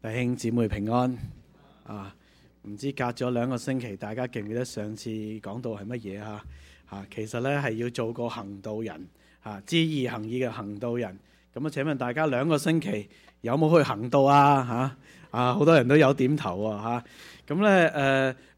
弟兄姊妹平安啊！唔知隔咗兩個星期，大家記唔記得上次講到係乜嘢啊？啊，其實咧係要做個行道人啊，知義行義嘅行道人。咁啊，請問大家兩個星期有冇去行道啊？嚇啊，好多人都有點頭喎嚇。咁咧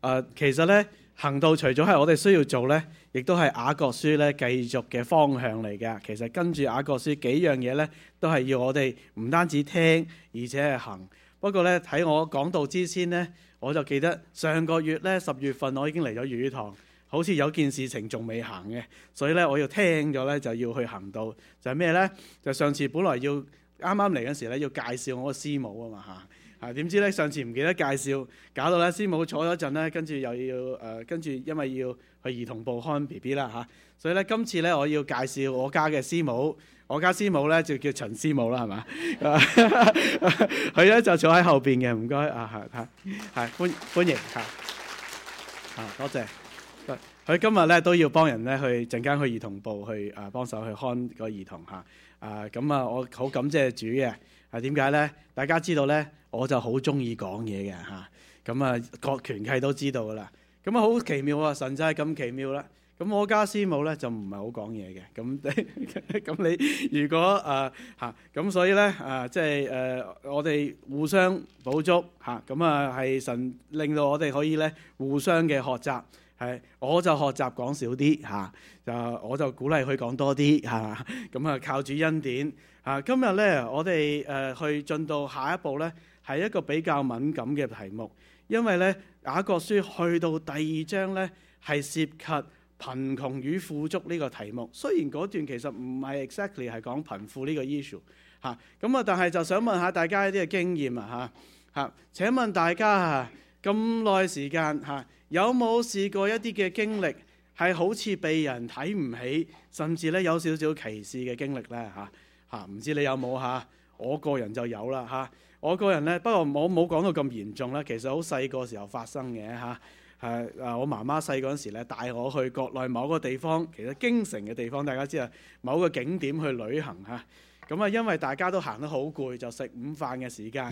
誒誒，其實咧行道除咗係我哋需要做咧，亦都係雅各書咧繼續嘅方向嚟嘅。其實跟住雅各書幾樣嘢咧，都係要我哋唔單止聽，而且係行。不過咧，喺我講道之先咧，我就記得上個月咧十月份，我已經嚟咗粵語堂，好似有件事情仲未行嘅，所以咧我要聽咗咧就要去行道，就係咩咧？就是、上次本來要啱啱嚟嗰時咧要介紹我個師母嘛啊嘛嚇，嚇點知咧上次唔記得介紹，搞到咧師母坐咗陣咧，跟住又要誒、呃、跟住因為要去兒童部看 B B 啦嚇，所以咧今次咧我要介紹我家嘅師母。我家師母咧就叫陳師母啦，係嘛？佢 咧就坐喺後邊嘅，唔該啊嚇嚇，係 歡歡迎嚇嚇，多謝。佢今日咧都要幫人咧去陣間去兒童部去啊幫手去看個兒童嚇啊咁啊，我好感謝主嘅。係點解咧？大家知道咧，我就好中意講嘢嘅嚇。咁啊，各權契都知道噶啦。咁啊，好奇妙啊，神真係咁奇妙啦。咁我家師母咧就唔係好講嘢嘅，咁你咁你如果誒嚇，咁、啊、所以咧誒即係誒我哋互相補足嚇，咁啊係神令到我哋可以咧互相嘅學習，係我就學習講少啲嚇，就、啊、我就鼓勵佢講多啲嚇，咁啊，啊靠主恩典嚇、啊。今日咧我哋誒去進到下一步咧係一個比較敏感嘅題目，因為咧雅各書去到第二章咧係涉及。貧窮與富足呢個題目，雖然嗰段其實唔係 exactly 係講貧富呢個 issue 嚇，咁啊，但係就想問下大家一啲嘅經驗啊嚇嚇。請問大家嚇咁耐時間嚇，有冇試過一啲嘅經歷係好似被人睇唔起，甚至咧有少少歧視嘅經歷咧嚇嚇？唔知你有冇嚇？我個人就有啦嚇。我個人咧，不過我冇講到咁嚴重啦。其實好細個時候發生嘅嚇。誒啊，我媽媽細嗰陣時咧，帶我去國內某個地方，其實京城嘅地方，大家知啊，某個景點去旅行嚇。咁啊，因為大家都行得好攰，就食午飯嘅時間。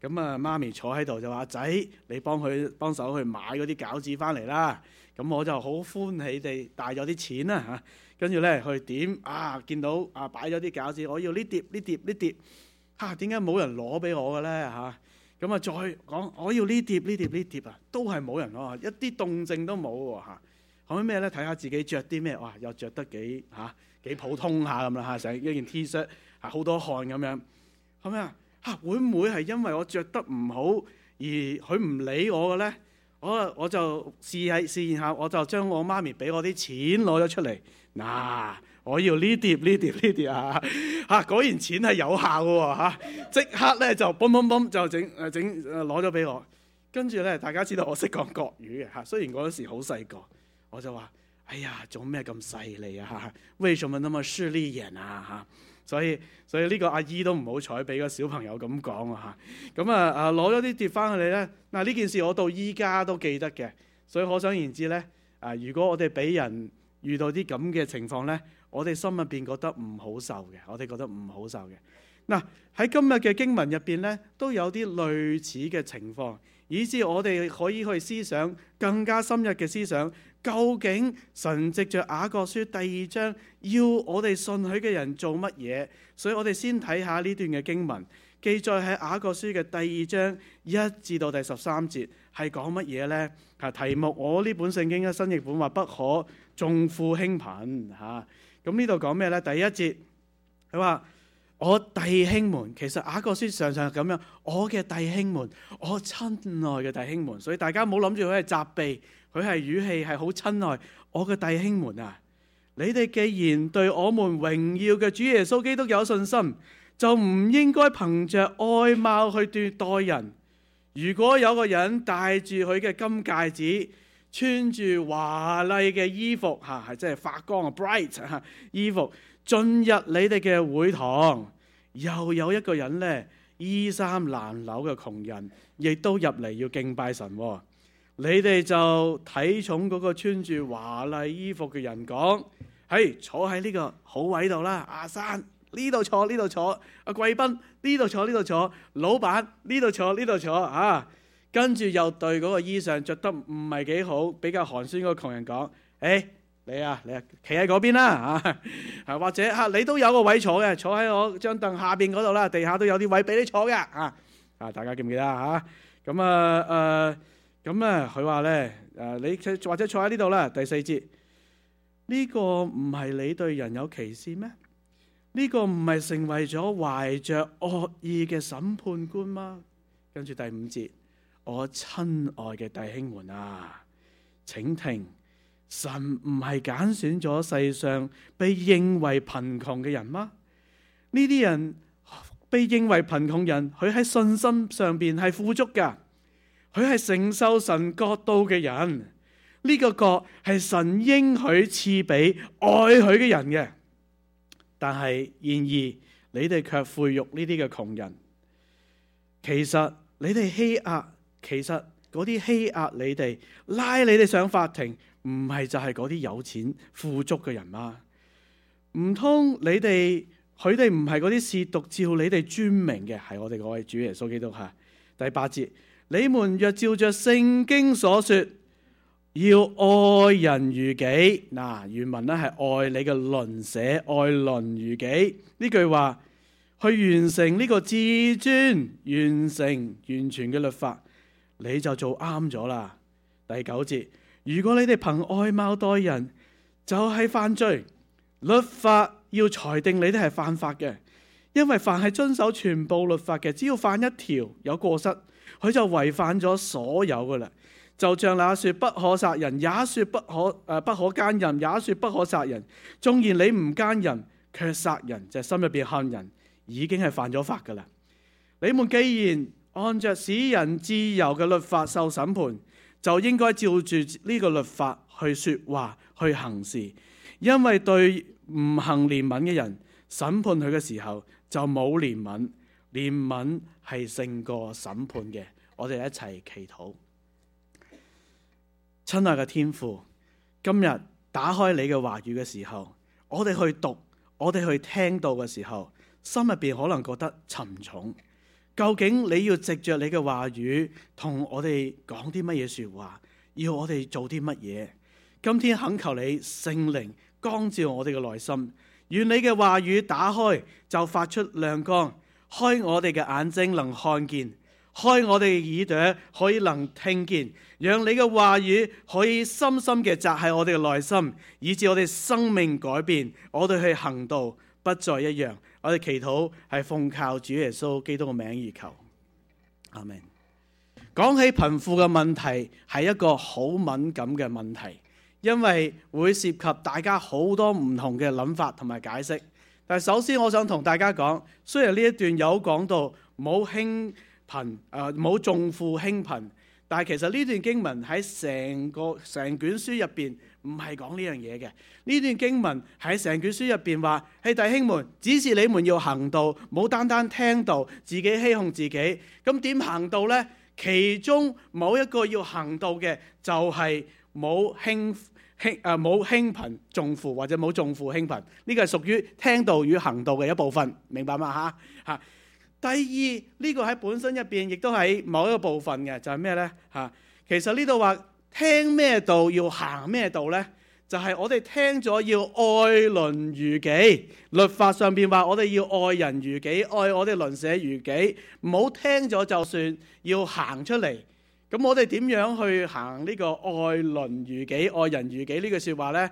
咁啊，媽咪坐喺度就話：仔，你幫佢幫手去買嗰啲餃子翻嚟啦。咁、啊、我就好歡喜地帶咗啲錢啊嚇，跟住咧去點啊，見到啊擺咗啲餃子，我要呢碟、呢碟、呢碟。嚇，點解冇人攞俾我嘅咧嚇？咁啊，再講我要呢碟、呢碟、呢碟啊，都係冇人喎，一啲動靜都冇嚇。後尾咩咧？睇下自己着啲咩，哇，又着得幾吓，幾、啊、普通下咁啦吓，成一件 T 恤，h 好多汗咁樣。後尾吓，會唔會係因為我着得唔好而佢唔理我嘅咧？我我就試係試下，我就將我媽咪俾我啲錢攞咗出嚟嗱。啊我要呢碟呢碟呢碟啊！嚇，果然錢係有效喎嚇，即刻咧就嘣嘣嘣就整誒整攞咗俾我。跟住咧，大家知道我識講國語嘅嚇、啊，雖然嗰時好細個，我就話：哎呀，做咩咁勢利啊？嚇，為什麼那麼勢利人啊？嚇、啊，所以所以呢個阿姨都唔好彩俾個小朋友咁講啊嚇。咁啊啊攞咗啲碟翻去你咧。嗱呢件事我到依家都記得嘅，所以可想而知咧，啊如果我哋俾人遇到啲咁嘅情況咧。我哋心入邊覺得唔好受嘅，我哋覺得唔好受嘅。嗱喺今日嘅經文入邊呢，都有啲類似嘅情況，以致我哋可以去思想，更加深入嘅思想。究竟神藉着雅各書第二章要我哋信佢嘅人做乜嘢？所以我哋先睇下呢段嘅經文記載喺雅各書嘅第二章一至到第十三節係講乜嘢呢？啊，題目我呢本聖經嘅新譯本話不可重富輕貧吓。咁呢度講咩呢？第一節佢話我弟兄們，其實雅各書常常咁樣，我嘅弟兄們，我親愛嘅弟兄們，所以大家唔好諗住佢係責備，佢係語氣係好親愛。我嘅弟兄們啊，你哋既然對我們榮耀嘅主耶穌基督有信心，就唔應該憑着外貌去對待人。如果有個人戴住佢嘅金戒指，穿住華麗嘅衣服，吓、啊、係真係發光 Bright，啊！Bright 衣服進入你哋嘅會堂，又有一個人呢，衣衫襤褸嘅窮人，亦都入嚟要敬拜神，哦。你哋就睇重嗰個穿住華麗衣服嘅人，講喺坐喺呢個好位度啦。阿生呢度坐呢度坐，阿貴賓呢度坐呢度，啊、坐，坐，老闆呢度坐呢度坐啊！跟住又對嗰個衣裳着得唔係幾好、比較寒酸個窮人講，誒、哎、你啊，你啊，企喺嗰邊啦嚇，或者嚇、啊、你都有個位坐嘅，坐喺我張凳下邊嗰度啦，地下都有啲位俾你坐嘅嚇、啊。啊，大家記唔記得嚇、啊？咁啊誒，咁啊佢話咧誒，你或者坐喺呢度啦。第四節，呢、這個唔係你對人有歧視咩？呢、這個唔係成為咗懷着惡意嘅審判官嗎？跟住第五節。我親愛嘅弟兄們啊，請聽，神唔係揀選咗世上被認為貧窮嘅人嗎？呢啲人被認為貧窮人，佢喺信心上邊係富足嘅，佢係承受神國度嘅人。呢、這個國係神應許賜俾愛佢嘅人嘅。但係，然而你哋卻侮辱呢啲嘅窮人。其實你哋欺壓。其實嗰啲欺壓你哋，拉你哋上法庭，唔係就係嗰啲有錢富足嘅人嗎？唔通你哋佢哋唔係嗰啲褻瀆照你哋尊名嘅？係我哋嗰位主耶穌基督吓。第八節，你們若照着聖經所說，要愛人如己，嗱原文咧係愛你嘅鄰舍，愛鄰如己呢句話，去完成呢個至尊、完成完全嘅律法。你就做啱咗啦。第九節，如果你哋憑外貌待人，就係、是、犯罪。律法要裁定你哋係犯法嘅，因為凡係遵守全部律法嘅，只要犯一條有過失，佢就違反咗所有噶啦。就像那說不可殺人，也說不可誒、呃、不可奸人，也說不可殺人。縱然你唔奸人，卻殺人，就係、心入邊恨人，已經係犯咗法噶啦。你們既然，按着使人自由嘅律法受審判，就應該照住呢個律法去說話、去行事。因為對唔行憐憫嘅人審判佢嘅時候就冇憐憫，憐憫係勝過審判嘅。我哋一齊祈禱，親愛嘅天父，今日打開你嘅話語嘅時候，我哋去讀，我哋去聽到嘅時候，心入邊可能覺得沉重。究竟你要藉着你嘅話語同我哋講啲乜嘢說話？要我哋做啲乜嘢？今天懇求你聖靈光照我哋嘅內心，願你嘅話語打開就發出亮光，開我哋嘅眼睛能看見，開我哋嘅耳朵可以能聽見，讓你嘅話語可以深深嘅扎喺我哋嘅內心，以致我哋生命改變，我哋去行道不再一樣。我哋祈禱係奉靠主耶穌基督嘅名而求，阿門。講起貧富嘅問題，係一個好敏感嘅問題，因為會涉及大家好多唔同嘅諗法同埋解釋。但係首先我想同大家講，雖然呢一段有講到，冇輕貧，誒冇重富輕貧。但其實呢段經文喺成個成卷書入邊唔係講呢樣嘢嘅。呢段經文喺成卷書入邊話，弟兄們,只是你們要行道，冇單單聽道自己欺哄自己。咁點行道呢？其中某一個要行道嘅，就係冇輕、呃、輕啊冇輕貧重富，或者冇重富輕貧。呢個係屬於聽道與行道嘅一部分，明白嗎？吓吓。第二呢、這個喺本身入邊，亦都喺某一個部分嘅，就係、是、咩呢？吓？其實呢度話聽咩道要行咩道呢？就係、是、我哋聽咗要愛鄰如己，律法上邊話我哋要愛人如己，愛我哋鄰舍如己，唔好聽咗就算要，要行出嚟。咁我哋點樣去行呢個愛鄰如己、愛人如己呢句說話呢？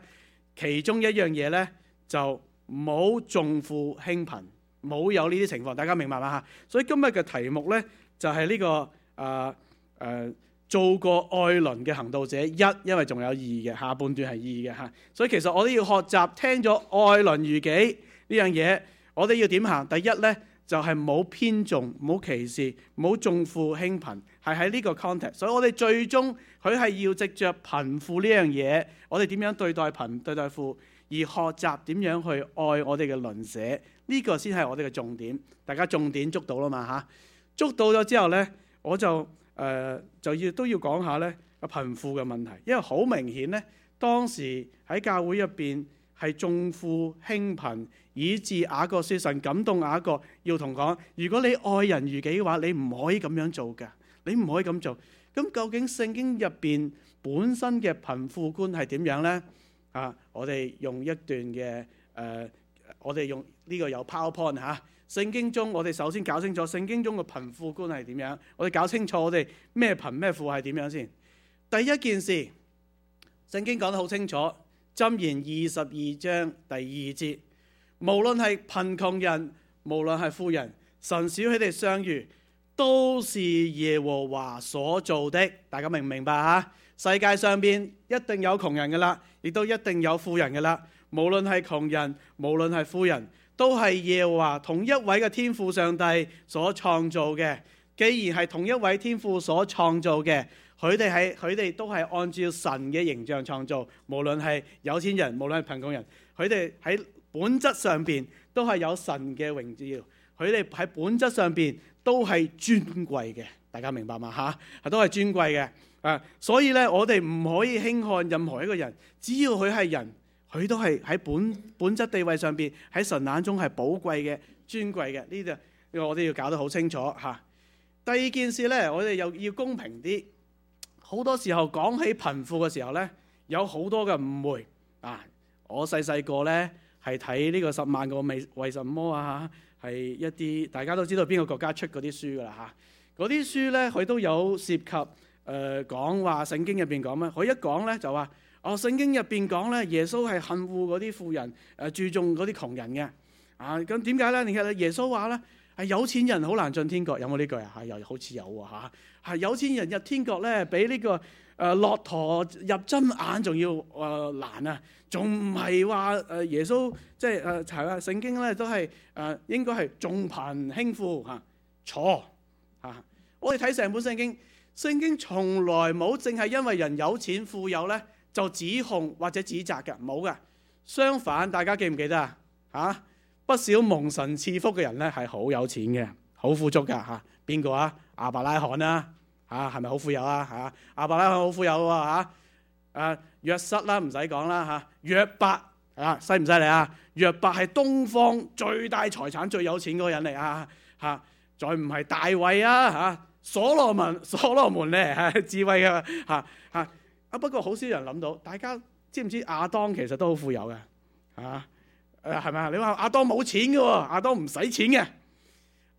其中一樣嘢呢，就唔好重富輕貧。冇有呢啲情況，大家明白嘛嚇？所以今日嘅題目呢，就係呢個誒誒做個愛鄰嘅行道者一，因為仲有二嘅下半段係二嘅嚇。所以其實我哋要學習聽咗愛鄰如己呢樣嘢，我哋要點行？第一呢，就係冇偏重、冇歧視、冇重富輕貧，係喺呢個 context。所以我哋最終佢係要藉著貧富呢樣嘢，我哋點樣對待貧對待富，而學習點樣去愛我哋嘅鄰舍。呢、呢個先係我哋嘅重點，大家重點捉到啦嘛嚇！捉到咗之後呢，我就誒、呃、就要都要講下呢貧富嘅問題，因為好明顯呢，當時喺教會入邊係重富輕貧，以致雅各書神感動雅各要同講：如果你愛人如己嘅話，你唔可以咁樣做嘅，你唔可以咁做。咁究竟聖經入邊本身嘅貧富觀係點樣呢？啊，我哋用一段嘅誒、呃，我哋用。呢個有 powerpoint 吓，啊，聖經中我哋首先搞清楚聖經中嘅貧富觀係點樣，我哋搞清楚我哋咩貧咩富係點樣先。第一件事，聖經講得好清楚，箴言二十二章第二節，無論係貧窮人，無論係富人，神使佢哋相遇，都是耶和華所做的。大家明唔明白啊？世界上邊一定有窮人噶啦，亦都一定有富人噶啦。無論係窮人，無論係富人。都係耶和華同一位嘅天父上帝所創造嘅。既然係同一位天父所創造嘅，佢哋係佢哋都係按照神嘅形象創造。無論係有錢人，無論係貧窮人，佢哋喺本質上邊都係有神嘅榮耀。佢哋喺本質上邊都係尊貴嘅。大家明白嘛？吓，都係尊貴嘅。啊，所以咧，我哋唔可以輕看任何一個人，只要佢係人。佢都係喺本本質地位上邊，喺神眼中係寶貴嘅、尊貴嘅。呢啲，這個、我都要搞得好清楚嚇。第二件事咧，我哋又要公平啲。好多時候講起貧富嘅時候咧，有好多嘅誤會啊！我細細個咧係睇呢個十萬個為為什麼啊？係一啲大家都知道邊個國家出嗰啲書噶啦嚇。嗰、啊、啲書咧，佢都有涉及誒、呃、講話聖經入邊講咩？佢一講咧就話。哦，聖經入邊講咧，耶穌係恨惡嗰啲富人，誒注重嗰啲窮人嘅，啊咁點解咧？你睇耶穌話咧，係有錢人好難進天國，有冇呢句啊？又好似有啊，吓有錢人入天國咧，比呢個誒駱駝入針眼仲要誒難啊！仲唔係話誒耶穌即係誒查啊？聖經咧都係誒應該係重貧輕富吓，錯吓！我哋睇成本聖經，聖經從來冇淨係因為人有錢富有咧。就指控或者指責嘅唔好㗎，相反，大家記唔記得啊？嚇，不少蒙神賜福嘅人咧係好有錢嘅，好富足嘅嚇。邊、啊、個啊？亞伯拉罕啊？嚇係咪好富有啊？嚇、啊，亞伯拉罕好富有啊？嚇，誒約瑟啦，唔使講啦嚇，約伯啊，犀唔犀利啊？約伯係、啊啊、東方最大財產、最有錢嗰個人嚟啊！嚇、啊，再唔係大衛啊！嚇、啊，所羅門，所羅門咧係、啊、智慧啊。嚇、啊、嚇。啊！不過好少人諗到，大家知唔知亞當其實都好富有嘅嚇？誒係咪啊？你話亞當冇錢嘅喎，亞當唔使錢嘅，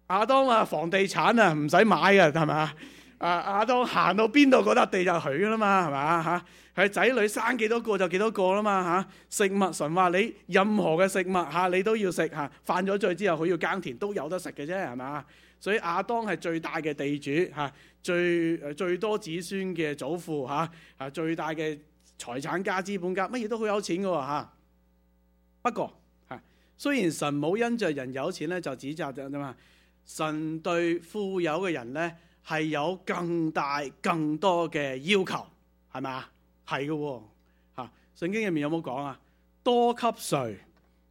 亞當啊房地產啊唔使買啊，係咪？啊亞當行到邊度嗰笪地就係佢㗎啦嘛係嘛嚇？佢仔女生幾多個就幾多個啦嘛嚇？食物神話你任何嘅食物嚇你都要食嚇，犯咗罪之後佢要耕田都有得食嘅啫係嘛？所以亞當係最大嘅地主嚇，最最多子孫嘅祖父嚇，嚇最大嘅財產家、資本家，乜嘢都好有錢嘅喎嚇。不過嚇，雖然神冇因着人有錢咧就指責啫嘛，神對富有嘅人咧係有更大更多嘅要求，係咪啊？係嘅喎嚇，聖經入面有冇講啊？多給誰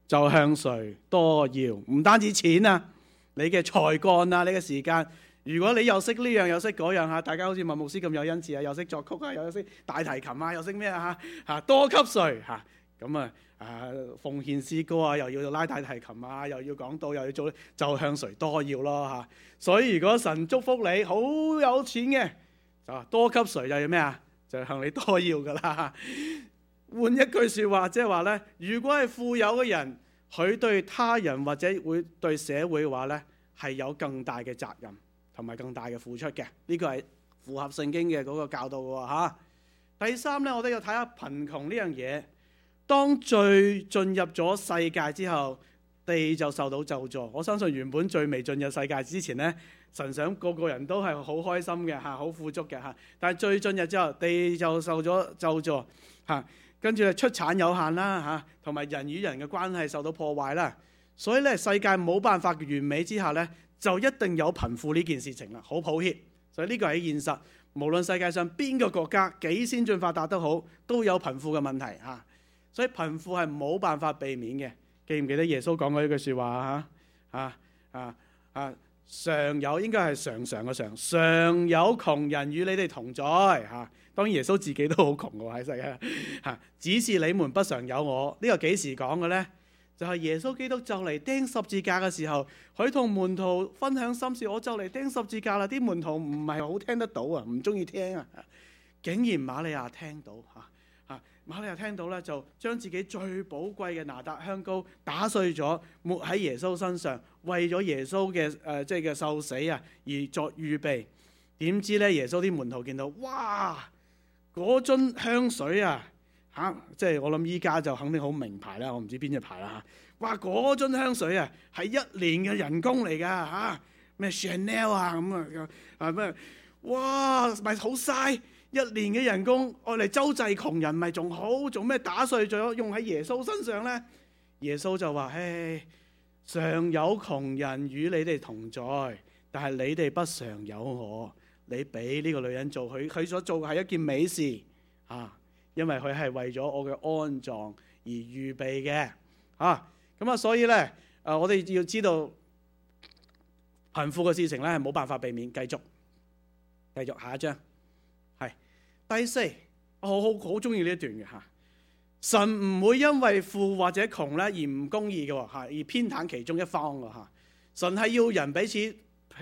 就向誰多要，唔單止錢啊！你嘅才幹啊，你嘅時間，如果你又識呢樣又識嗰樣吓，大家好似文牧師咁有恩賜啊，又識作曲啊，又識大提琴啊，又識咩啊吓吓，多給誰吓？咁啊啊，奉獻詩歌啊，又要拉大提琴啊，又要講道，又要做就向誰多要咯吓？所以如果神祝福你好有錢嘅，就多給誰又要咩啊？就向你多要噶啦、啊。換一句說話，即係話咧，如果係富有嘅人。佢對他人或者會對社會嘅話呢係有更大嘅責任同埋更大嘅付出嘅。呢個係符合聖經嘅嗰個教導喎。第三呢，我哋要睇下貧窮呢樣嘢。當罪進入咗世界之後，地就受到咒詛。我相信原本罪未進入世界之前呢，神想個個人都係好開心嘅嚇，好富足嘅嚇。但係罪進入之後，地就受咗咒詛。嚇。跟住咧，出產有限啦嚇，同埋人與人嘅關係受到破壞啦，所以咧世界冇辦法完美之下咧，就一定有貧富呢件事情啦。好抱歉，所以呢個係現實。無論世界上邊個國家幾先進發達都好，都有貧富嘅問題嚇。所以貧富係冇辦法避免嘅。記唔記得耶穌講過一句説話啊？啊啊啊！常有應該係常常嘅常，常有窮人與你哋同在吓。當然耶穌自己都好窮嘅喺世界，吓。只是你們不常有我呢，這個幾時講嘅呢？就係、是、耶穌基督就嚟釘十字架嘅時候，佢同門徒分享心事。我就嚟釘十字架啦，啲門徒唔係好聽得到啊，唔中意聽啊，竟然瑪利亞聽到吓。啊！馬利亞聽到咧，就將自己最寶貴嘅拿達香膏打碎咗，抹喺耶穌身上，為咗耶穌嘅誒即係嘅受死啊而作預備。點知咧，耶穌啲門徒見到，哇！嗰樽香水啊，嚇、啊！即、就、係、是、我諗依家就肯定好名牌啦，我唔知邊隻牌啦嚇、啊。哇！嗰樽香水啊，係一年嘅人工嚟㗎嚇。咩、啊、Chanel 啊咁啊？啊咩、啊？哇！咪好嘥！一年嘅人工，我嚟周濟窮人，咪仲好？做咩打碎咗用喺耶穌身上呢？耶穌就話：嘿，常有窮人與你哋同在，但係你哋不常有我。你俾呢個女人做佢，佢所做嘅係一件美事啊！因為佢係為咗我嘅安葬而預備嘅啊！咁啊，所以呢，誒，我哋要知道貧富嘅事情呢，係冇辦法避免，繼續，繼續下一章。第四，我好好中意呢一段嘅吓，神唔會因為富或者窮咧而唔公義嘅吓，而偏袒其中一方嘅吓，神係要人彼此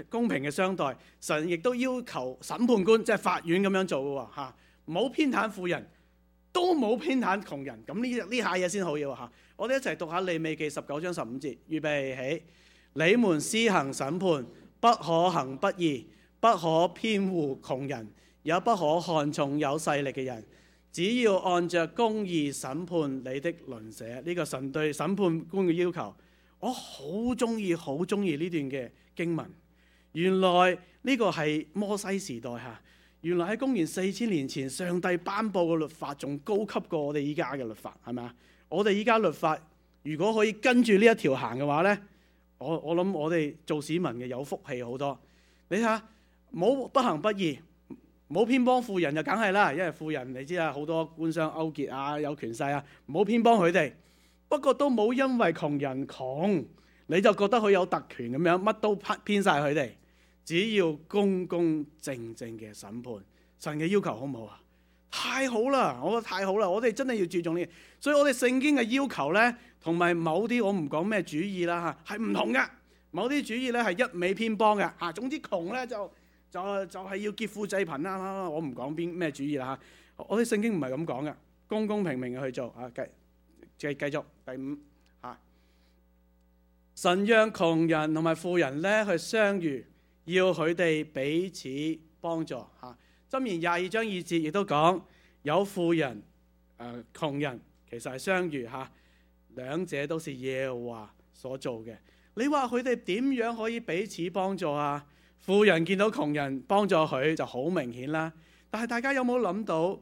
公平嘅相待，神亦都要求審判官即係、就是、法院咁樣做嘅吓，唔好偏袒富人，都冇偏袒窮人，咁呢呢下嘢先好嘢吓，我哋一齊讀下利未記十九章十五節，預備起，你們施行審判，不可行不義，不可偏護窮人。有不可看重有勢力嘅人，只要按照公義審判你的鄰舍，呢個神對審判官嘅要求。我好中意，好中意呢段嘅經文。原來呢個係摩西時代吓，原來喺公元四千年前，上帝頒布嘅律法仲高級過我哋依家嘅律法，係咪啊？我哋依家律法如果可以跟住呢一條行嘅話呢，我我諗我哋做市民嘅有福氣好多。你睇下，冇不行不義。冇偏幫富人就梗係啦，因為富人你知啊，好多官商勾結啊，有權勢啊，唔好偏幫佢哋。不過都冇因為窮人窮你就覺得佢有特權咁樣，乜都偏晒佢哋。只要公公正正嘅審判，神嘅要求好唔好啊？太好啦，我覺得太好啦，我哋真係要注重呢。所以我哋聖經嘅要求咧，同埋某啲我唔講咩主義啦吓，係唔同嘅。某啲主義咧係一味偏幫嘅吓，總之窮咧就。就就係、是、要劫富濟貧啦，我唔講邊咩主意啦吓。我啲聖經唔係咁講嘅，公公平平嘅去做啊。繼繼繼續第五吓，神讓窮人同埋富人咧去相遇，要佢哋彼此幫助吓。箴言廿二章二節亦都講有富人誒窮人，其實係相遇吓，兩者都是耶華所做嘅。你話佢哋點樣可以彼此幫助啊？富人見到窮人幫助佢就好明顯啦。但係大家有冇諗到，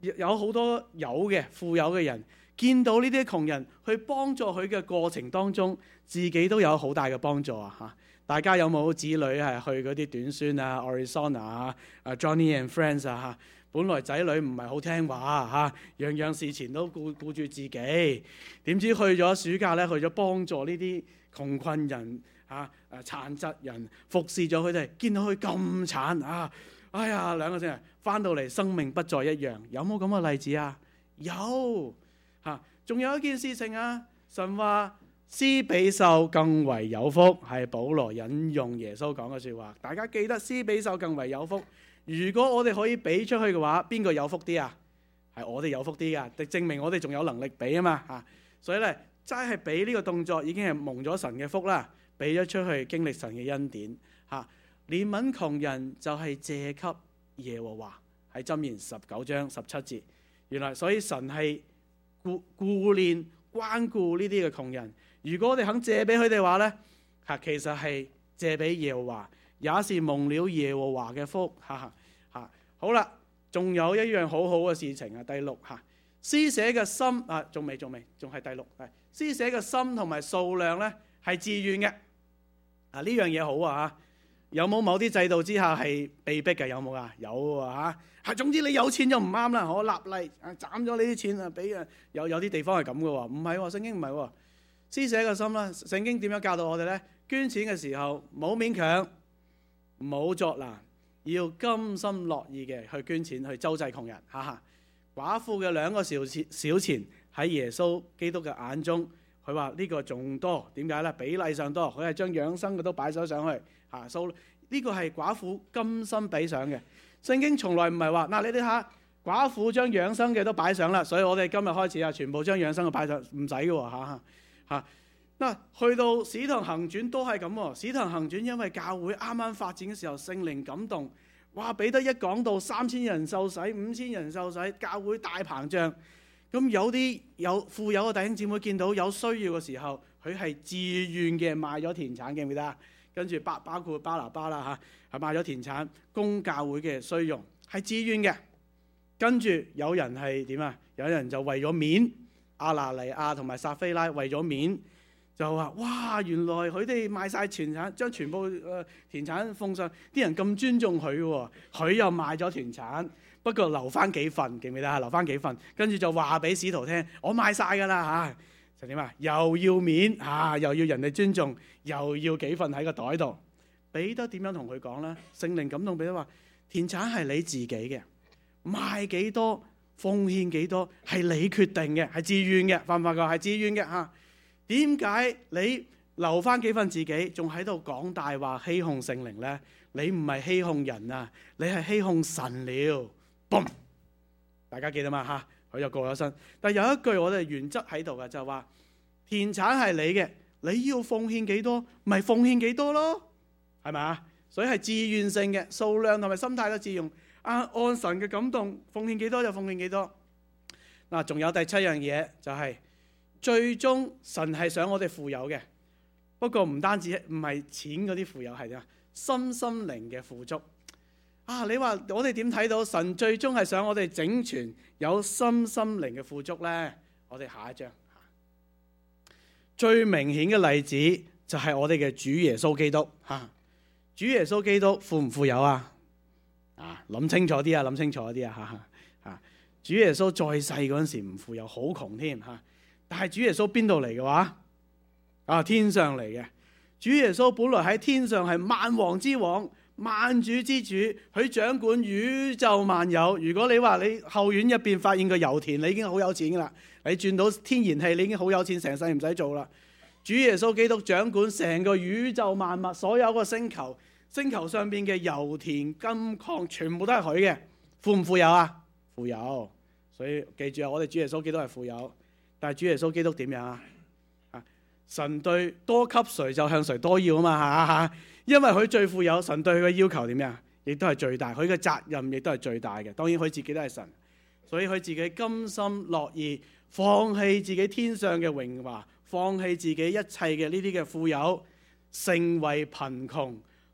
有好多有嘅富有嘅人見到呢啲窮人去幫助佢嘅過程當中，自己都有好大嘅幫助啊！嚇，大家有冇子女係去嗰啲短宣啊？Arizona 啊，啊 Johnny and Friends 啊嚇，本來仔女唔係好聽話嚇，樣樣事前都顧顧住自己，點知去咗暑假咧去咗幫助呢啲窮困人？吓、啊、誒、啊，殘疾人服侍咗佢哋，見到佢咁慘啊！哎呀，兩個先係翻到嚟，生命不再一樣。有冇咁嘅例子啊？有吓，仲、啊、有一件事情啊！神話，施比受更為有福，係保羅引用耶穌講嘅說話。大家記得施比受更為有福。如果我哋可以俾出去嘅話，邊個有福啲啊？係我哋有福啲噶，就證明我哋仲有能力俾啊嘛吓。所以咧，齋係俾呢個動作，已經係蒙咗神嘅福啦。俾咗出去，經歷神嘅恩典吓。憐憫窮人就係借給耶和華，喺箴言十九章十七節。原來所以神係顧顧念、關顧呢啲嘅窮人。如果我哋肯借俾佢哋話咧，吓，其實係借俾耶和華，也是蒙了耶和華嘅福。吓吓，好啦，仲有一樣好好嘅事情啊。第六吓，施捨嘅心啊，仲未仲未，仲係第六係施捨嘅心同埋數量咧係自願嘅。啊！呢樣嘢好啊，吓、啊、有冇某啲制度之下係被逼嘅？有冇啊？有啊，吓、啊。總之你有錢就唔啱啦，我立例斬咗呢啲錢啊，俾啊有有啲地方係咁噶，唔係聖經唔係，施捨個心啦。聖經點、啊啊、樣教導我哋咧？捐錢嘅時候冇勉強，冇作難，要甘心樂意嘅去捐錢去周濟窮人。哈哈，寡婦嘅兩個小錢小錢喺耶穌基督嘅眼中。佢話呢個仲多，點解呢？比例上多，佢係將養生嘅都擺上上去嚇。所以呢個係寡婦甘心比上嘅。聖經從來唔係話嗱，你哋下，寡婦將養生嘅都擺上啦，所以我哋今日開始啊，全部將養生嘅擺上，唔使嘅。嚇嚇。去到使徒行傳都係咁。使徒行傳因為教會啱啱發展嘅時候，聖靈感動，哇！彼得一講到三千人受洗，五千人受洗，教會大膨脹。咁有啲有富有嘅弟兄姊妹見到有需要嘅時候，佢係自願嘅賣咗田產記唔記得？跟住包包括巴拿巴啦嚇，係賣咗田產供教會嘅需用，係自願嘅。跟住有人係點啊？有人就為咗面，阿拿尼亞同埋撒菲拉為咗面，就話哇，原來佢哋賣晒田產，將全部誒田產奉上，啲人咁尊重佢喎，佢又賣咗田產。不過留翻幾份記唔記得啊？留翻幾份，跟住就話俾使徒聽：我賣晒㗎啦嚇！就點啊？又要面嚇，又要人哋尊重，又要幾份喺個袋度。彼得點樣同佢講咧？聖靈感動彼得話：田產係你自己嘅，賣幾多奉獻幾多係你決定嘅，係自願嘅，發唔發覺？係自願嘅嚇。點解你留翻幾份自己，仲喺度講大話欺哄聖靈咧？你唔係欺哄人啊，你係欺哄神了。嘣！大家記得嘛吓，佢、啊、就過咗身。但係有一句我哋原則喺度嘅，就話、是、田產係你嘅，你要奉獻幾多，咪奉獻幾多咯，係咪？所以係自願性嘅，數量同埋心態都自用。啊、按神嘅感動奉獻幾多就奉獻幾多。嗱、啊，仲有第七樣嘢就係、是，最終神係想我哋富有嘅。不過唔單止唔係錢嗰啲富有，係啊，心心靈嘅富足。啊！你話我哋點睇到神最終係想我哋整全有心心靈嘅富足咧？我哋下一章吓，最明顯嘅例子就係我哋嘅主耶穌基督吓、啊。主耶穌基督富唔富有啊？啊，諗清楚啲啊，諗清楚啲啊！吓、啊、吓、啊，主耶穌在世嗰陣時唔富有，好窮添吓、啊。但係主耶穌邊度嚟嘅話，啊，天上嚟嘅。主耶穌本來喺天上係萬王之王。萬主之主，佢掌管宇宙萬有。如果你話你後院入邊發現個油田，你已經好有錢噶啦。你鑽到天然氣，你已經好有錢，成世唔使做啦。主耶穌基督掌管成個宇宙萬物，所有個星球，星球上邊嘅油田、金礦，全部都係佢嘅。富唔富有啊？富有。所以記住啊，我哋主耶穌基督係富有。但係主耶穌基督點樣啊？神對多給誰就向誰多要啊嘛，吓、啊。因為佢最富有，神對佢嘅要求點樣，亦都係最大。佢嘅責任亦都係最大嘅。當然佢自己都係神，所以佢自己甘心樂意放棄自己天上嘅榮華，放棄自己一切嘅呢啲嘅富有，成為貧窮，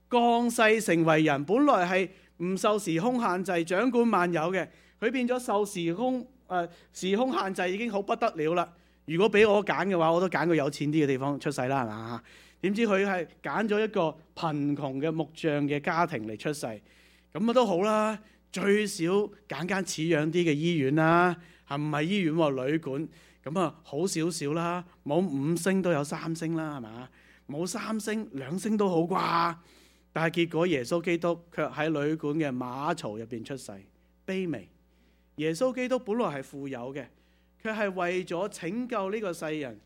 降世成為人。本來係唔受時空限制，掌管萬有嘅，佢變咗受時空誒、呃、時空限制，已經好不得了啦。如果俾我揀嘅話，我都揀個有錢啲嘅地方出世啦，係嘛？點知佢係揀咗一個貧窮嘅木匠嘅家庭嚟出世，咁啊都好啦，最少揀間似樣啲嘅醫院啦，係唔係醫院？是是醫院旅館，咁啊好少少啦，冇五星都有三星啦，係嘛？冇三星兩星都好啩。但係結果耶穌基督卻喺旅館嘅馬槽入邊出世，卑微。耶穌基督本來係富有嘅，佢係為咗拯救呢個世人。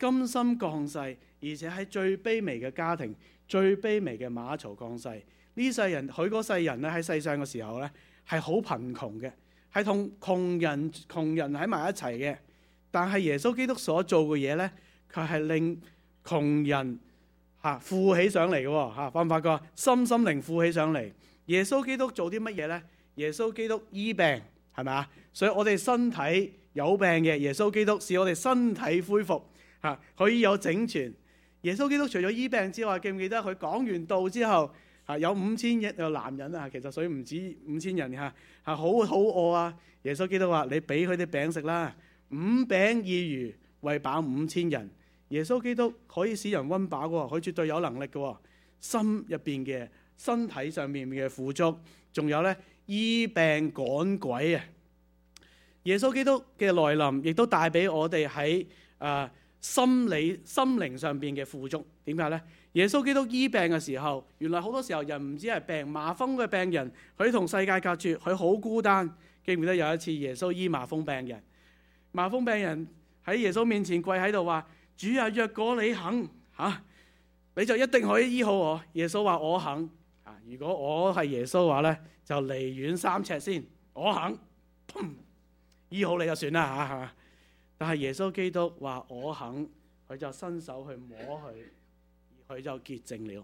甘心降世，而且喺最卑微嘅家庭、最卑微嘅馬槽降世呢？世人佢嗰世人咧喺世上嘅時候咧係好貧窮嘅，係同窮人窮人喺埋一齊嘅。但係耶穌基督所做嘅嘢咧，佢係令窮人吓、啊、富起上嚟嘅吓。發唔發覺心心靈富起上嚟？耶穌基督做啲乜嘢咧？耶穌基督醫病係咪啊？所以我哋身體有病嘅，耶穌基督使我哋身體恢復。吓，可以有整全。耶穌基督除咗醫病之外，記唔記得佢講完道之後，吓有五千一誒男人啦，其實所以唔止五千人吓，係好好餓啊。耶穌基督話：你俾佢啲餅食啦，五餅二魚餵飽五千人。耶穌基督可以使人溫飽，佢絕對有能力嘅。心入邊嘅身體上面嘅富足，仲有咧醫病趕鬼啊。耶穌基督嘅來臨亦都帶俾我哋喺誒。呃心理、心靈上邊嘅負重，點解咧？耶穌基督醫病嘅時候，原來好多時候人唔知係病，麻風嘅病人，佢同世界隔絕，佢好孤單。記唔記得有一次耶穌醫麻風病人？麻風病人喺耶穌面前跪喺度話：主啊，若果你肯嚇，你就一定可以醫好我。耶穌話：我肯嚇，如果我係耶穌嘅話咧，就離遠三尺先，我肯，醫好你就算啦嚇，係但係耶穌基督話我肯，佢就伸手去摸佢，佢就潔淨了。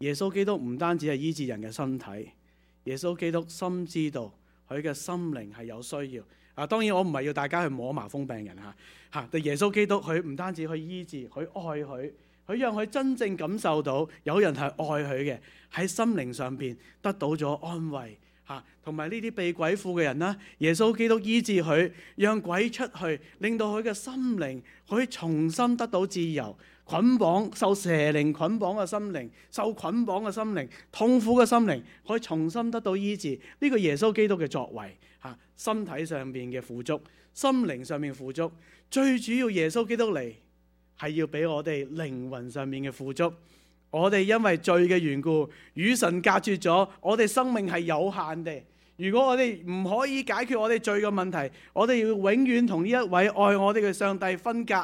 耶穌基督唔單止係醫治人嘅身體，耶穌基督深知道佢嘅心靈係有需要。啊，當然我唔係要大家去摸麻風病的人吓吓，但耶穌基督佢唔單止去醫治，佢愛佢，佢讓佢真正感受到有人係愛佢嘅，喺心靈上邊得到咗安慰。同埋呢啲被鬼附嘅人啦，耶穌基督醫治佢，讓鬼出去，令到佢嘅心靈可以重新得到自由，捆綁受蛇靈捆綁嘅心靈，受捆綁嘅心靈，痛苦嘅心靈，可以重新得到醫治。呢個耶穌基督嘅作為，吓身體上面嘅富足，心靈上面嘅富足，最主要耶穌基督嚟係要俾我哋靈魂上面嘅富足。我哋因為罪嘅緣故與神隔絕咗，我哋生命係有限嘅。如果我哋唔可以解決我哋罪嘅問題，我哋要永遠同呢一位愛我哋嘅上帝分隔，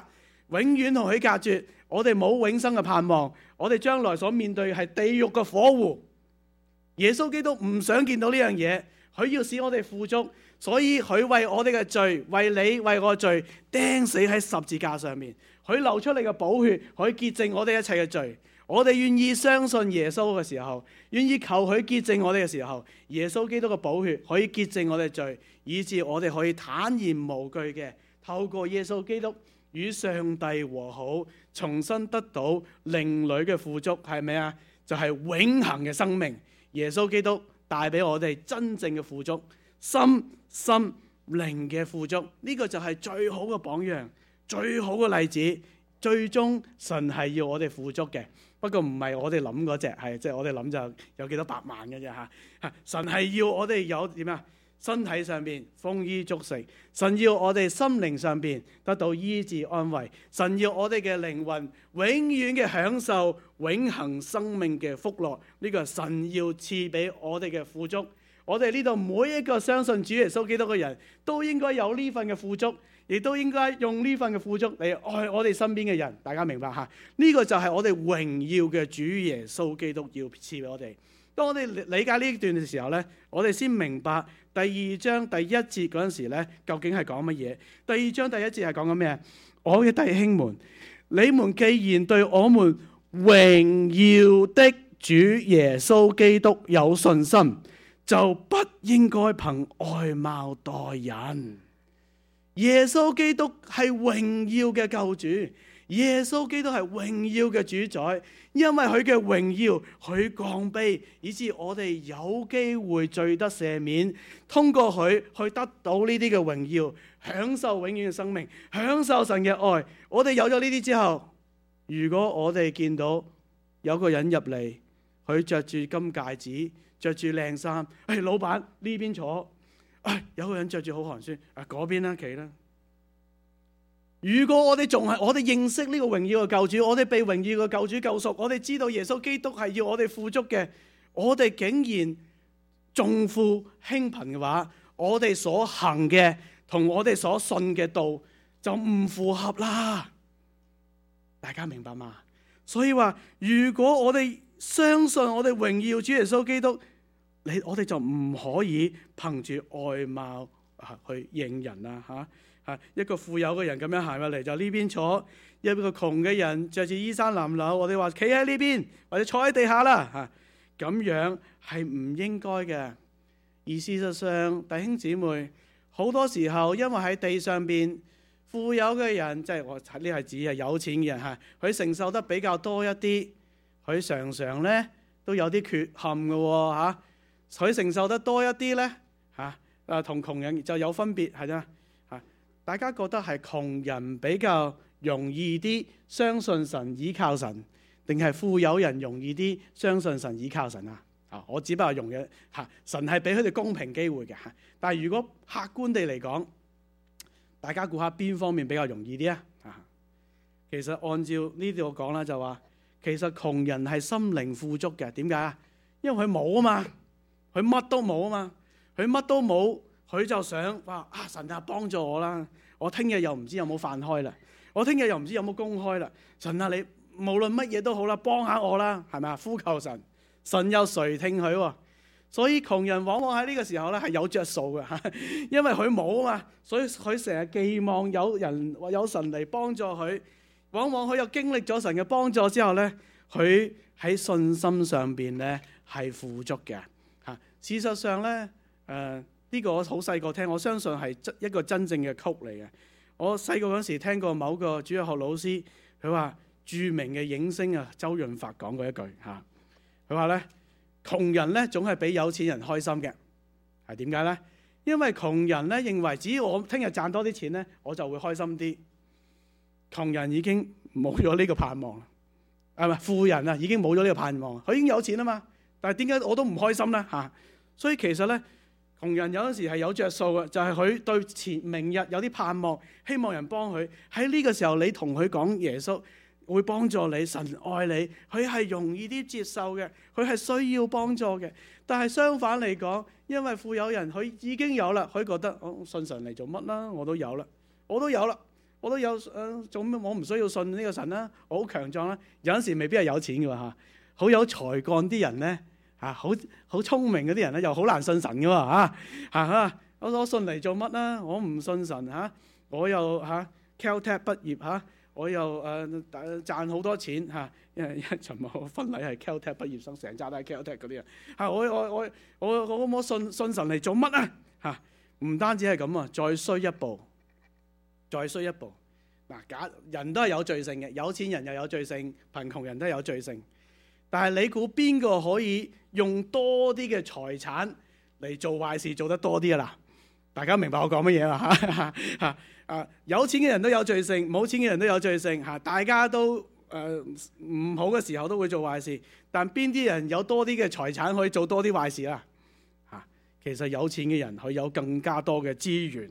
永遠同佢隔絕。我哋冇永生嘅盼望，我哋將來所面對係地獄嘅火湖。耶穌基督唔想見到呢樣嘢，佢要使我哋富足，所以佢為我哋嘅罪，為你為我嘅罪釘死喺十字架上面。佢流出你嘅寶血，佢潔淨我哋一切嘅罪。我哋願意相信耶穌嘅時候，願意求佢潔淨我哋嘅時候，耶穌基督嘅寶血可以潔淨我哋罪，以致我哋可以坦然無懼嘅透過耶穌基督與上帝和好，重新得到靈裡嘅富足，係咪啊？就係、是、永恒嘅生命。耶穌基督帶俾我哋真正嘅富足，心心靈嘅富足，呢、這個就係最好嘅榜樣，最好嘅例子。最終神係要我哋富足嘅。不過唔係我哋諗嗰隻，係即係我哋諗就有幾多百萬嘅啫吓。神係要我哋有點啊，身體上邊豐衣足食，神要我哋心靈上邊得到醫治安慰，神要我哋嘅靈魂永遠嘅享受永恆生命嘅福樂。呢個神要賜俾我哋嘅富足，我哋呢度每一個相信主耶穌基督嘅人都應該有呢份嘅富足，亦都應該用呢份嘅富足嚟愛我哋身邊嘅人，大家明白吓？呢個就係我哋榮耀嘅主耶穌基督要賜俾我哋。當我哋理解呢段嘅時候呢，我哋先明白第二章第一節嗰陣時咧，究竟係講乜嘢？第二章第一節係講緊咩？我嘅弟兄們，你們既然對我們榮耀的主耶穌基督有信心，就不應該憑外貌待人。.耶穌基督係榮耀嘅救主，耶穌基督係榮耀嘅主宰，因為佢嘅榮耀，佢降卑，以致我哋有機會罪得赦免，通過佢去得到呢啲嘅榮耀，享受永遠嘅生命，享受神嘅愛。我哋有咗呢啲之後，如果我哋見到有個人入嚟，佢着住金戒指，着住靚衫，誒，老闆，呢邊坐。哎、有個人着住好寒酸，嗱、啊、嗰邊啦，企啦。如果我哋仲係我哋認識呢個榮耀嘅救主，我哋被榮耀嘅救主救贖，我哋知道耶穌基督係要我哋富足嘅，我哋竟然重富輕貧嘅話，我哋所行嘅同我哋所信嘅道就唔符合啦。大家明白嗎？所以話，如果我哋相信我哋榮耀主耶穌基督。你我哋就唔可以憑住外貌嚇去認人啊！嚇嚇一個富有嘅人咁樣行入嚟就呢邊坐，一個窮嘅人着住衣衫襤褸，我哋話企喺呢邊或者坐喺地下啦嚇，咁樣係唔應該嘅。而事實上，弟兄姊妹好多時候因為喺地上邊富有嘅人，即係我呢係指係有錢嘅人嚇，佢承受得比較多一啲，佢常常咧都有啲缺陷嘅嚇。佢承受得多一啲咧，嚇，誒同窮人就有分別，係啦，嚇，大家覺得係窮人比較容易啲相信神倚靠神，定係富有人容易啲相信神倚靠神啊？啊，我只不過容忍嚇，神係俾佢哋公平機會嘅，但係如果客觀地嚟講，大家估下邊方面比較容易啲啊？啊，其實按照呢度講啦，就話其實窮人係心靈富足嘅，點解啊？因為佢冇啊嘛。佢乜都冇啊嘛，佢乜都冇，佢就想話啊，神啊幫助我啦，我聽日又唔知有冇飯開啦，我聽日又唔知有冇工開啦，神啊，你無論乜嘢都好啦，幫下我啦，係咪啊？呼求神，神有誰聽佢？所以窮人往往喺呢個時候咧係有着數嘅吓，因為佢冇啊嘛，所以佢成日寄望有人或有神嚟幫助佢，往往佢又經歷咗神嘅幫助之後咧，佢喺信心上邊咧係富足嘅。事實上咧，誒、這、呢個我好細個聽，我相信係一個真正嘅曲嚟嘅。我細個嗰時聽過某個主日學老師，佢話著名嘅影星啊，周潤發講過一句嚇，佢話咧窮人咧總係比有錢人開心嘅，係點解咧？因為窮人咧認為只要我聽日賺多啲錢咧，我就會開心啲。窮人已經冇咗呢個盼望啦，係咪？富人啊已經冇咗呢個盼望，佢已，已經有錢啊嘛，但係點解我都唔開心咧嚇？所以其實咧，窮人有陣時係有着數嘅，就係、是、佢對前明日有啲盼望，希望人幫佢。喺呢個時候，你同佢講耶穌會幫助你，神愛你，佢係容易啲接受嘅，佢係需要幫助嘅。但係相反嚟講，因為富有人佢已經有啦，佢覺得我、哦、信神嚟做乜啦？我都有啦，我都有啦，我都有誒做咩？啊、我唔需要信呢個神啦，我好強壯啦。有陣時未必係有錢嘅喎、啊、好有才幹啲人咧。嚇、啊！好好聰明嗰啲人咧，又好難信神噶喎，嚇嚇！我我信嚟做乜啊？我唔信、啊、信神嚇、啊，我又嚇、啊、Caltech 畢業嚇、啊，我又誒、啊、賺好多錢嚇，因為一陣冇婚禮係 Caltech 畢業生，成紮都係 Caltech 嗰啲人嚇、啊！我我我我我可唔可信信神嚟做乜啊？嚇、啊！唔單止係咁啊，再衰一步，再衰一步。嗱、啊，假人都係有罪性嘅，有錢人又有罪性，貧窮人都有罪性。但係你估邊個可以用多啲嘅財產嚟做壞事做得多啲啊？嗱，大家明白我講乜嘢嘛？嚇嚇啊！有錢嘅人都有罪性，冇錢嘅人都有罪性嚇，大家都誒、呃、唔好嘅時候都會做壞事。但邊啲人有多啲嘅財產可以做多啲壞事啦？嚇，其實有錢嘅人佢有更加多嘅資源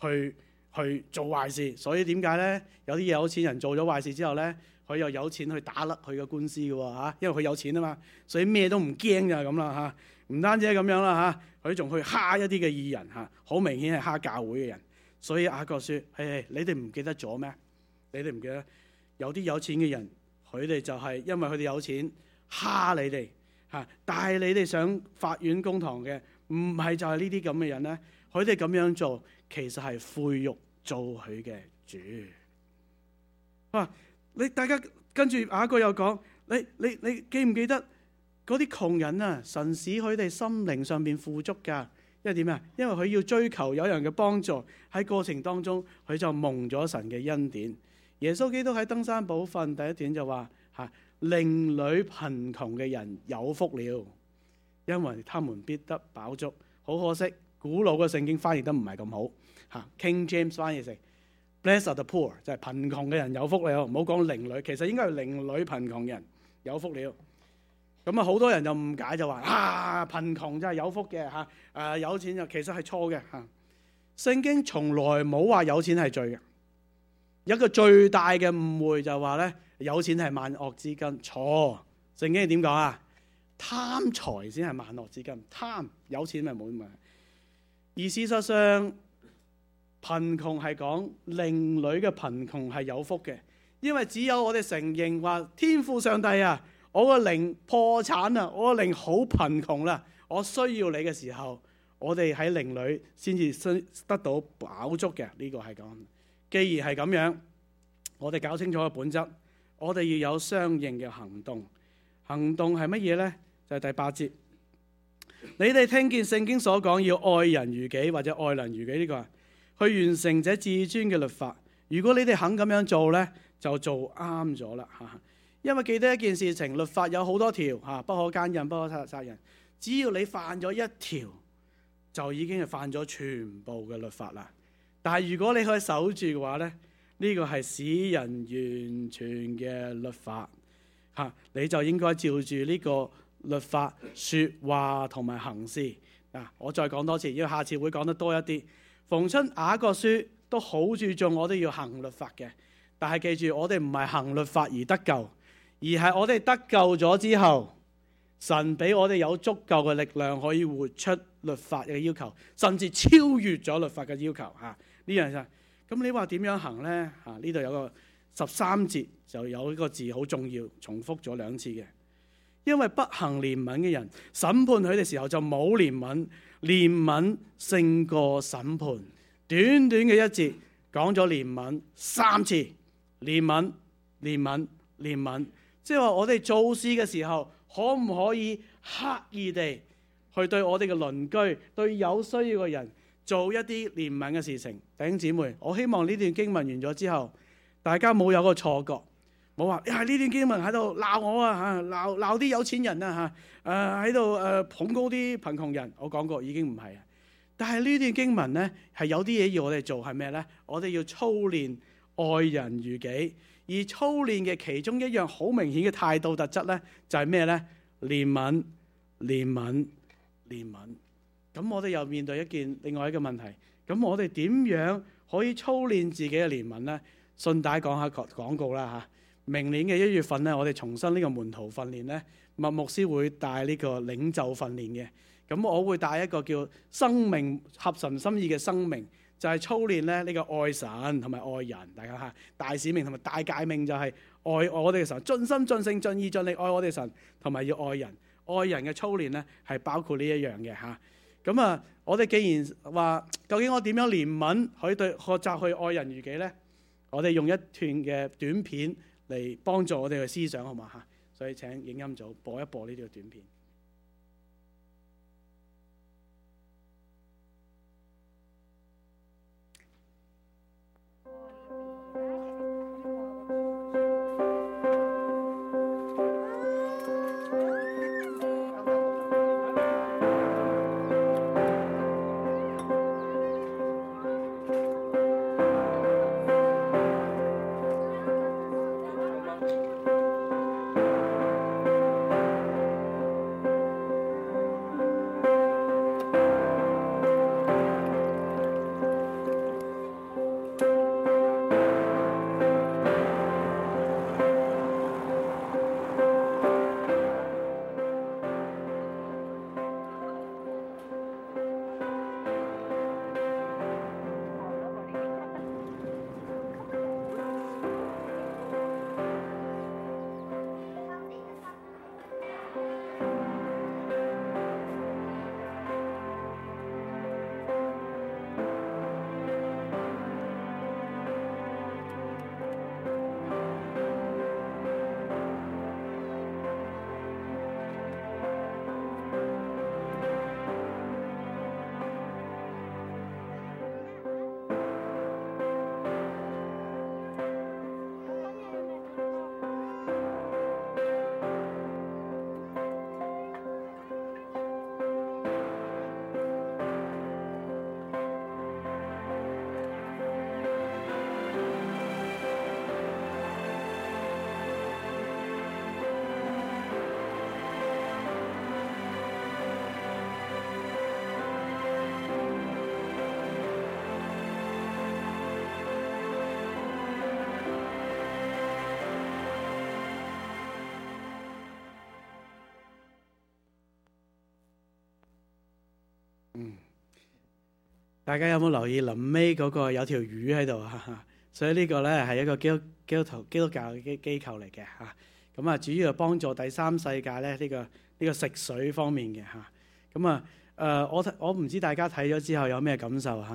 去去做壞事，所以點解咧？有啲有錢人做咗壞事之後咧？佢又有錢去打甩佢嘅官司嘅喎，因為佢有錢啊嘛，所以咩都唔驚就係咁啦嚇。唔單止係咁樣啦嚇，佢仲去蝦一啲嘅異人嚇，好明顯係蝦教會嘅人。所以雅各說，誒，你哋唔記得咗咩？你哋唔記得有啲有錢嘅人，佢哋就係因為佢哋有錢蝦你哋嚇。但係你哋上法院公堂嘅，唔係就係呢啲咁嘅人咧？佢哋咁樣做，其實係侮辱做佢嘅主。啊！你大家跟住阿哥又講，你你你,你記唔記得嗰啲窮人啊，神使佢哋心靈上面富足噶，因為點啊？因為佢要追求有人嘅幫助，喺過程當中佢就蒙咗神嘅恩典。耶穌基督喺登山寶訓第一段就話：吓，另女貧窮嘅人有福了，因為他們必得飽足。好可惜，古老嘅聖經翻譯得唔係咁好。吓，King James 翻譯成。less the poor 就係貧窮嘅人有福了，唔好講零女，其實應該係零女貧窮嘅人有福了。咁啊，好多人就誤解就話啊，貧窮就係有福嘅吓，誒、啊、有錢就是，其實係錯嘅吓。聖經從來冇話有，有錢係罪嘅。一個最大嘅誤會就話咧，有錢係萬惡之根，錯。聖經點講啊？貪財先係萬惡之根，貪有錢咪冇咪。而事實上。貧窮係講靈裡嘅貧窮係有福嘅，因為只有我哋承認話天父上帝啊，我個靈破產啊，我個靈好貧窮啦，我需要你嘅時候，我哋喺靈裡先至得到飽足嘅。呢個係講，既然係咁樣，我哋搞清楚嘅本質，我哋要有相應嘅行動。行動係乜嘢呢？就係、是、第八節，你哋聽見聖經所講要愛人如己或者愛鄰如己呢、這個。去完成者至尊嘅律法。如果你哋肯咁樣做呢，就做啱咗啦嚇。因為記得一件事情，律法有好多條嚇，不可姦淫，不可殺人。只要你犯咗一條，就已經係犯咗全部嘅律法啦。但係如果你去守住嘅話呢，呢個係使人完全嘅律法嚇，你就應該照住呢個律法說話同埋行事啊。我再講多次，因為下次會講得多一啲。逢春，雅各書都好注重，我都要行律法嘅。但係記住，我哋唔係行律法而得救，而係我哋得救咗之後，神俾我哋有足夠嘅力量可以活出律法嘅要求，甚至超越咗律法嘅要求。吓呢樣嘢。咁你話點樣行呢？吓呢度有個十三節，就有一個字好重要，重複咗兩次嘅。因為不行憐憫嘅人，審判佢嘅時候就冇憐憫。憐憫勝過審判，短短嘅一節講咗憐憫三次，憐憫、憐憫、憐憫，即係話我哋做事嘅時候，可唔可以刻意地去對我哋嘅鄰居、對有需要嘅人做一啲憐憫嘅事情？弟兄姊妹，我希望呢段經文完咗之後，大家冇有個錯覺。冇話，呀呢段經文喺度鬧我啊，吓，鬧鬧啲有錢人啊吓，誒喺度誒捧高啲貧窮人。我講過已經唔係啊，但係呢段經文咧係有啲嘢，要我哋做，係咩咧？我哋要操練愛人如己，而操練嘅其中一樣好明顯嘅態度特質咧，就係咩咧？憐憫、憐憫、憐憫。咁我哋又面對一件另外一個問題，咁我哋點樣可以操練自己嘅憐憫咧？順帶講下個廣告啦吓。明年嘅一月份咧，我哋重新呢個門徒訓練咧，默牧師會帶呢個領袖訓練嘅，咁我會帶一個叫生命合神心意嘅生命，就係、是、操練咧呢個愛神同埋愛人，大家吓大使命同埋大誡命就係愛我哋嘅神，盡心盡性盡意盡力愛我哋嘅神，同埋要愛人，愛人嘅操練咧係包括呢一樣嘅吓，咁啊，我哋既然話究竟我點樣憐憫，可以對學習去愛人如己咧，我哋用一段嘅短片。嚟幫助我哋嘅思想，好嘛嚇？所以請影音組播一播呢啲短片。大家有冇留意臨尾嗰個有條魚喺度啊？所以呢個咧係一個基督基督徒基督教嘅機構嚟嘅吓，咁啊主要係幫助第三世界咧呢個呢個食水方面嘅吓，咁啊誒我我唔知大家睇咗之後有咩感受吓？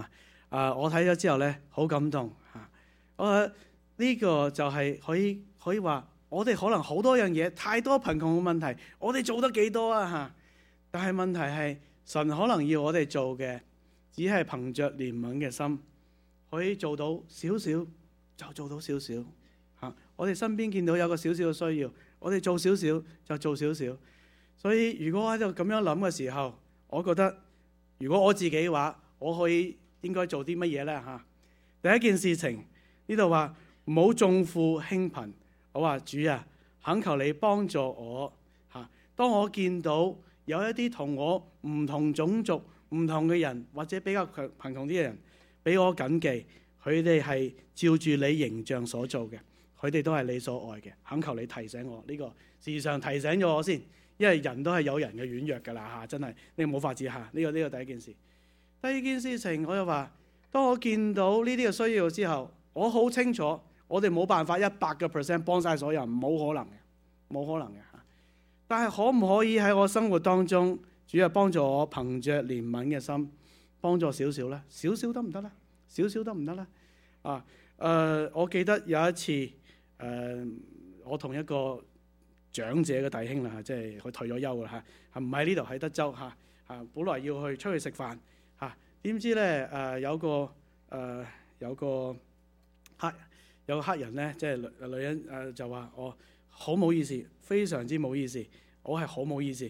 誒我睇咗之後咧好感動吓，我呢個就係可以可以話我哋可能好多樣嘢太多貧窮嘅問題，我哋做得幾多啊吓？但係問題係神可能要我哋做嘅。只係憑着憐憫嘅心，可以做到少少就做到少少。嚇，我哋身邊見到有個少少嘅需要，我哋做少少就做少少。所以如果我喺度咁樣諗嘅時候，我覺得如果我自己嘅話，我可以應該做啲乜嘢咧？嚇，第一件事情呢度話唔好重富輕貧。我話主啊，懇求你幫助我嚇。當我見到有一啲同我唔同種族。唔同嘅人，或者比較貧窮啲嘅人，俾我緊記，佢哋係照住你形象所做嘅，佢哋都係你所愛嘅，懇求你提醒我呢個事實上提醒咗我先，因為人都係有人嘅軟弱㗎啦嚇，真係你冇法子嚇，呢、啊呢個呢、呢個第一件事。第二件事情，我又話，當我見到呢啲嘅需要之後，我好清楚，我哋冇辦法一百個 percent 幫晒所有人，冇可能嘅，冇可能嘅嚇。但係可唔可以喺我生活當中？主要，幫助我，憑着憐憫嘅心，幫助少少啦，少少得唔得啦？少少得唔得啦？啊，誒、呃，我記得有一次，誒、呃，我同一個長者嘅弟兄啦，即係佢退咗休啦，吓、啊，係唔喺呢度喺德州吓，吓、啊、本來要去出去食飯吓，點、啊、知咧誒、呃、有個誒、呃、有個黑有個黑人咧，即、就、係、是、女，女人誒就話我好冇意思，非常之冇意思，我係好冇意思。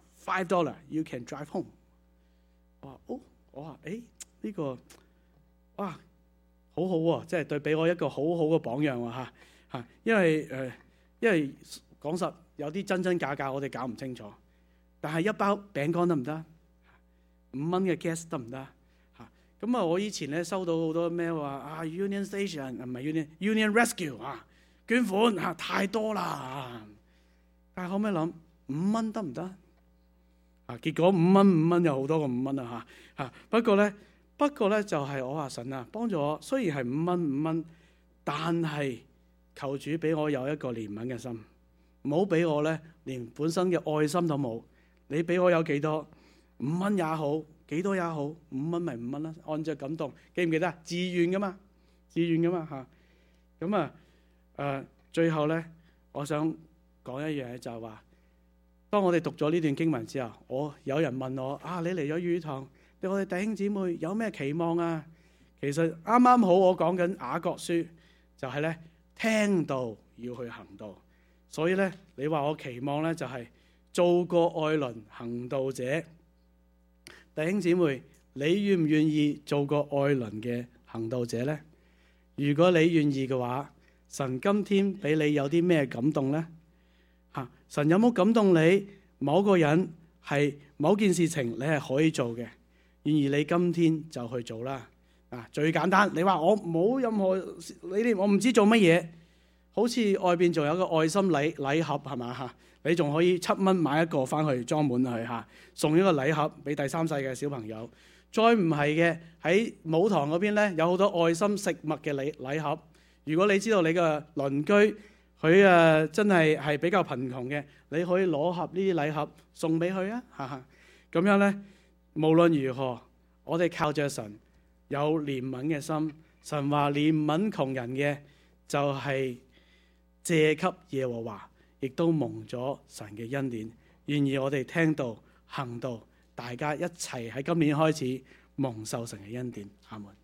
Five dollar you can drive home。我話哦，我話誒呢個哇好好喎，啊，即係對俾我一個好好嘅榜樣喎，啊、吓、啊，因為誒、呃、因為講實有啲真真假假我哋搞唔清楚，但係一包餅乾得唔得？五蚊嘅 gas 得唔得？嚇咁啊！我以前咧收到好多咩話啊 Union Station 唔、啊、係 Union Union Rescue 啊捐款嚇，啊、太多啦，啊。但係後尾諗五蚊得唔得？結果五蚊五蚊有好多個五蚊啊吓！不過咧，不過咧就係、是、我阿神啊，幫助我。雖然係五蚊五蚊，但係求主俾我有一個憐憫嘅心，唔好俾我咧連本身嘅愛心都冇。你俾我有幾多？五蚊也好，幾多也好，五蚊咪五蚊啦。按照感動，記唔記得啊？自願噶嘛，自願噶嘛吓。咁啊，誒、啊，最後咧，我想講一樣嘢就係話。當我哋讀咗呢段經文之後，我有人問我啊，你嚟咗雨堂，對我哋弟兄姊妹有咩期望啊？其實啱啱好，我講緊雅各書，就係、是、咧聽道要去行道，所以咧你話我期望咧就係做個愛鄰行道者。弟兄姊妹，你願唔願意做個愛鄰嘅行道者咧？如果你願意嘅話，神今天俾你有啲咩感動咧？神有冇感動你？某個人係某件事情，你係可以做嘅，然而你今天就去做啦。啊，最簡單，你話我冇任何，你哋我唔知做乜嘢。好似外邊仲有個愛心禮禮盒係嘛嚇，你仲可以七蚊買一個返去裝滿佢嚇，送一個禮盒俾第三世嘅小朋友。再唔係嘅喺舞堂嗰邊咧，有好多愛心食物嘅禮禮盒。如果你知道你嘅鄰居。佢啊，真係係比較貧窮嘅，你可以攞盒呢啲禮盒送俾佢啊！哈哈，咁樣呢，無論如何，我哋靠着神有憐憫嘅心，神話憐憫窮人嘅，就係借給耶和華，亦都蒙咗神嘅恩典。願意我哋聽到、行道，大家一齊喺今年開始蒙受神嘅恩典。阿門。